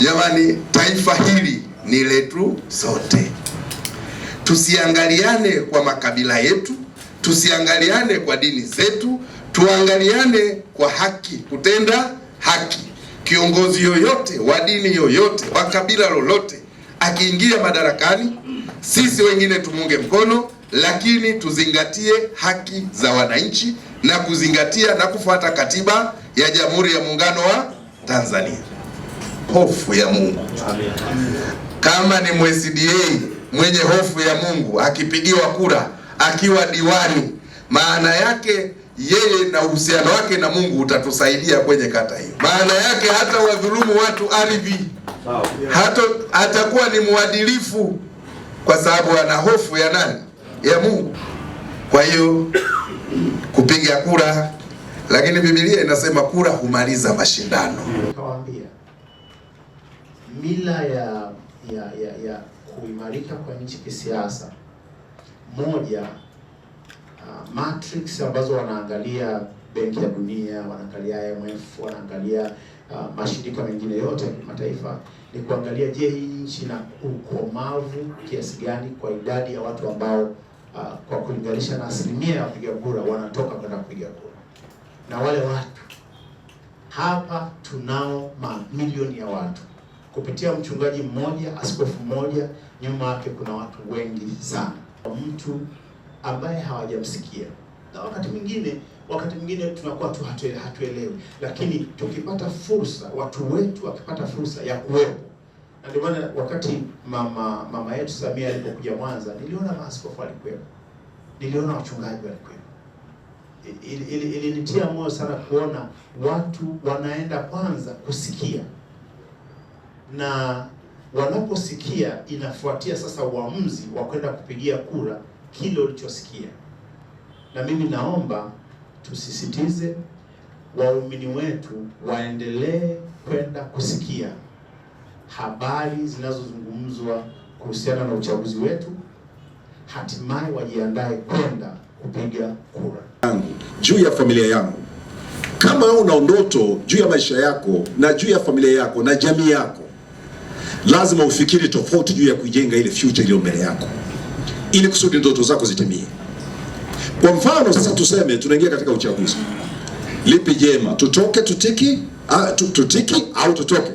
Jamani, taifa hili ni letu sote. Tusiangaliane kwa makabila yetu, tusiangaliane kwa dini zetu, tuangaliane kwa haki, kutenda haki. Kiongozi yoyote wa dini yoyote wa kabila lolote akiingia madarakani, sisi wengine tumunge mkono, lakini tuzingatie haki za wananchi na kuzingatia na kufuata katiba ya Jamhuri ya Muungano wa Tanzania hofu ya Mungu. Kama ni MCDA mwenye hofu ya Mungu akipigiwa kura akiwa diwani, maana yake yeye na uhusiano wake na Mungu utatusaidia kwenye kata hiyo. Maana yake hata wadhulumu watu ardhi, hata atakuwa ni mwadilifu kwa sababu ana hofu ya nani? Ya Mungu. Kwa hiyo kupiga kura, lakini Biblia inasema kura humaliza mashindano mila ya ya ya, ya kuimarika kwa nchi kisiasa, moja uh, matrix ambazo wanaangalia Benki ya Dunia, wanaangalia IMF, wanaangalia uh, mashirika mengine yote ya kimataifa ni kuangalia, je, hii nchi na ukomavu kiasi gani kwa idadi ya watu ambao uh, kwa kulinganisha na asilimia ya wapiga kura wanatoka kwenda kupiga kura, na wale watu hapa tunao mamilioni ya watu kupitia mchungaji mmoja, askofu mmoja, nyuma yake kuna watu wengi sana, mtu ambaye hawajamsikia. Na wakati mwingine wakati mwingine tunakuwa tu hatuele, hatuelewi, lakini tukipata fursa, watu wetu wakipata fursa ya kuwepo na ndio maana wakati mama mama yetu Samia alipokuja Mwanza, niliona maaskofu walikuwepo, niliona wachungaji walikuwepo. Ilinitia moyo sana kuona watu wanaenda kwanza kusikia na wanaposikia inafuatia sasa uamuzi wa kwenda kupigia kura kile ulichosikia. Na mimi naomba tusisitize waumini wetu waendelee kwenda kusikia habari zinazozungumzwa kuhusiana na uchaguzi wetu, hatimaye wajiandae kwenda kupiga kura. Yangu juu ya familia yangu, kama una ndoto juu ya maisha yako na juu ya familia yako na jamii yako lazima ufikiri tofauti juu ya kujenga ile future iliyo mbele yako, ili kusudi ndoto zako zitimie. Kwa mfano sasa, tuseme tunaingia katika uchaguzi, lipi jema, tutoke tutiki, a, tutiki au tutoke?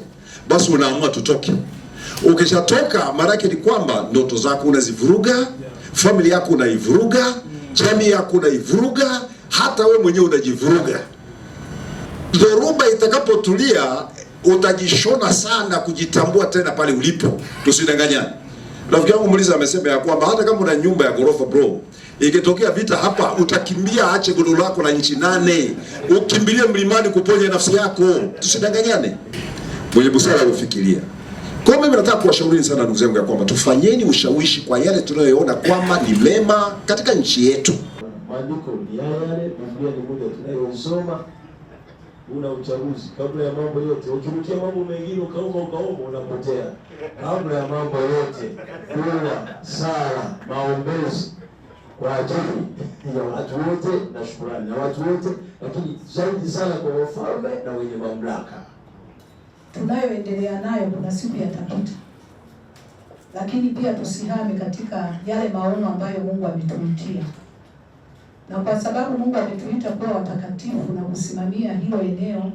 Basi unaamua tutoke. Ukishatoka maanake ni kwamba ndoto zako unazivuruga, familia yako unaivuruga, jamii yako unaivuruga, hata wewe mwenyewe unajivuruga. Dhoruba itakapotulia utajishona sana kujitambua tena pale ulipo, tusidanganyane. Rafiki yangu muuliza, amesema ya kwamba hata kama una nyumba ya ghorofa bro, ikitokea vita hapa utakimbia, ache godoro lako la nchi nane ukimbilie mlimani kuponya nafsi yako, tusidanganyane. Mwenye busara ufikiria. Kwa mimi nataka kuwashauri sana ndugu zangu ya kwamba tufanyeni ushawishi kwa yale tunayoona kwamba ni mema katika nchi yetu. Maandiko ni yale, Biblia ni moja tunayosoma una uchaguzi. Kabla ya mambo yote, ukirukia mambo mengine ukauma ukauma, unapotea. Kabla ya mambo yote, dua, sala, maombezi kwa ajili ya watu wote na shukurani na watu wote, lakini zaidi sana kwa wafalme na wenye mamlaka. Tunayoendelea nayo kuna siku yatapita, lakini pia tusihame katika yale maono ambayo Mungu ametuitia na kwa sababu Mungu ametuita kuwa watakatifu na kusimamia hilo eneo,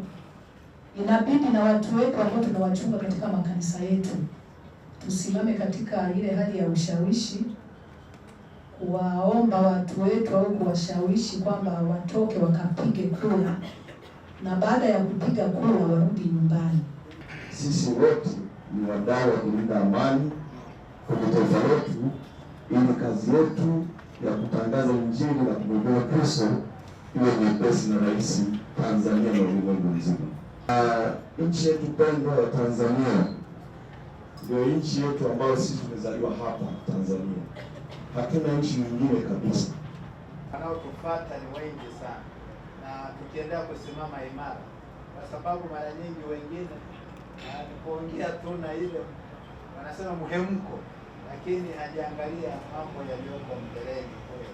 inabidi na watu wetu ambao tunawachunga katika makanisa yetu tusimame katika ile hali ya ushawishi, kuwaomba watu wetu au kuwashawishi kwamba watoke wakapige kura, na baada ya kupiga kura warudi nyumbani. Sisi wote ni wadau wa kulinda amani kwenye taifa letu, ili kazi yetu ya kutangaza Injili na kugombea Kristo iwe nyepesi na rahisi Tanzania na ulimwengu mzima. nchi yetu pendwa ya Tanzania ndio nchi yetu ambayo sisi tumezaliwa hapa Tanzania, hakuna nchi nyingine kabisa. Wanaotufuata ni wengi sana, na tukiendelea kusimama imara, kwa sababu mara nyingi wengine ah, kuongea tu na ile wanasema muhemko lakini hajaangalia mambo yaliyoko mbeleni kule.